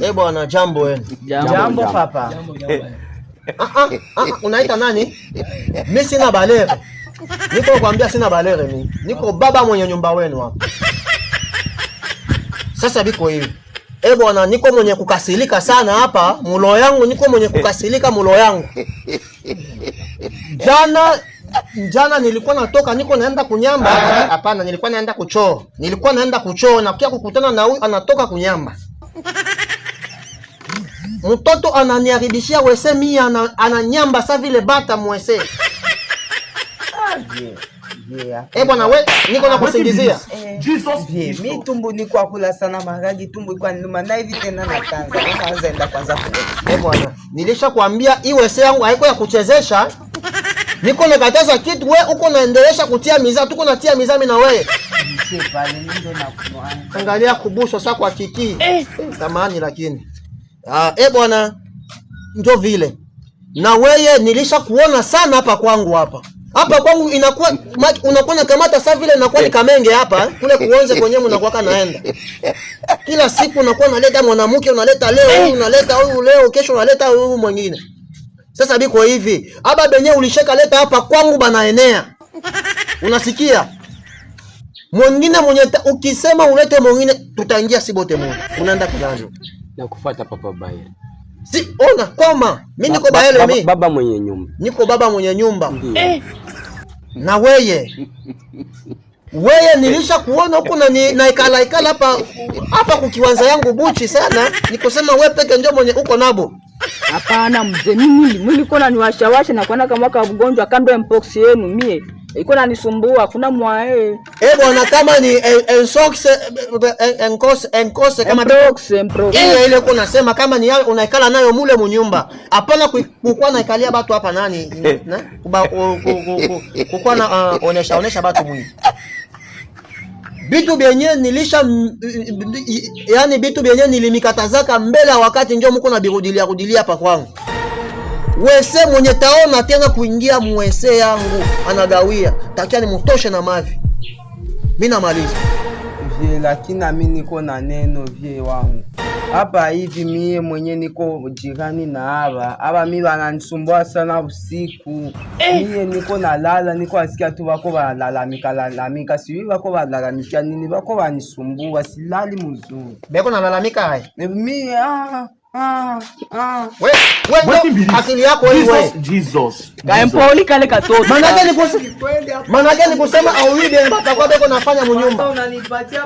Eh, bwana jambo eh. Jambo, jambo papa. Jambo, jambo. Ah, ah, ah, unaita nani? Mimi sina balere. Niko kwambia sina balere mimi. Niko baba mwenye nyumba wenu hapa. Sasa biko hivi. Eh, bwana niko mwenye kukasilika sana hapa, mulo yangu niko mwenye kukasilika mulo yangu. Jana jana nilikuwa natoka niko naenda kunyamba. Hapana, nilikuwa naenda kuchoo. Nilikuwa naenda kuchoo na kia kukutana na huyu anatoka kunyamba mtoto ananiharibishia wese, mi ananyamba sa vile bata mwese. Eh bwana we, niko na ah, kusingizia mi tumbu niko akula sana maragi, tumbu iko aniluma na hivi tena na tanza kwanza enda kwanza kule. Eh bwana, nilisha kuambia hii wese yangu haiko ya kuchezesha. Niko nakataza kitu, we uko naendelesha kutia miza, tuko natia miza mimi na wewe. Angalia kubusha sasa kwa kiki. Tamani eh. lakini Ah, eh bwana, ndio vile na weye nilishakuona sana hapa kwangu hapa hapa kwangu inakuwa unakuwa na kamata saa vile nakuwa ni kamenge hapa eh? kule kuonze kwenyewe unakuwa naenda kila siku unakuwa unaleta mwanamke unaleta leo huyu unaleta huyu leo kesho unaleta huyu mwingine. Sasa biko hivi aba benye ulisheka leta hapa kwangu banaenea, unasikia mwingine mwenye ukisema ulete mwingine tutaingia sibote moja, unaenda kujanjwa na kufuata Papa Baele. Si ona koma, mimi niko Baele mimi. Baba mwenye nyumba. Niko baba mwenye nyumba. Eh. Na weye weye, nilisha kuona huko na na ikala hapa hapa kukiwanza yangu buchi sana, nikosema wewe peke ndio mwenye uko nabo. Hapana mzee, mimi niko na niwashawasha na kuona kama kama mgonjwa kando ya mpox yenu mie Iko nanisumbua kuna mwae. Eh, bwana kama ni ensox enkose kama dox Ile ile kuna sema kama ni unaikala nayo mule munyumba. Hapana kukua naikalia watu hapa nani? Na na ah, onesha onesha watu mwingi. Bitu benye nilisha yani bitu benye nilimikatazaka mbele ya wakati njo muko na birudilia rudilia hapa kwangu wese mwenye taona tena kuingia mwese yangu anagawia takia mutoshe na mavi. Mimi namaliza vie, lakini ami niko na neno vie wangu hapa hivi. Mie mwenye niko jirani na hapa hapa, mi wananisumbua sana usiku eh. Mie niko nalala, niko asikia tu wako wanalalamika lalamika, siwi wako wanalalamikia nini, wako wanisumbua, silali mzuri, beko nalalamika hai mie ah akili yako wewe. Jesus. Kaempoli kale kusema? Maana auide mpaka nafanya munyumba.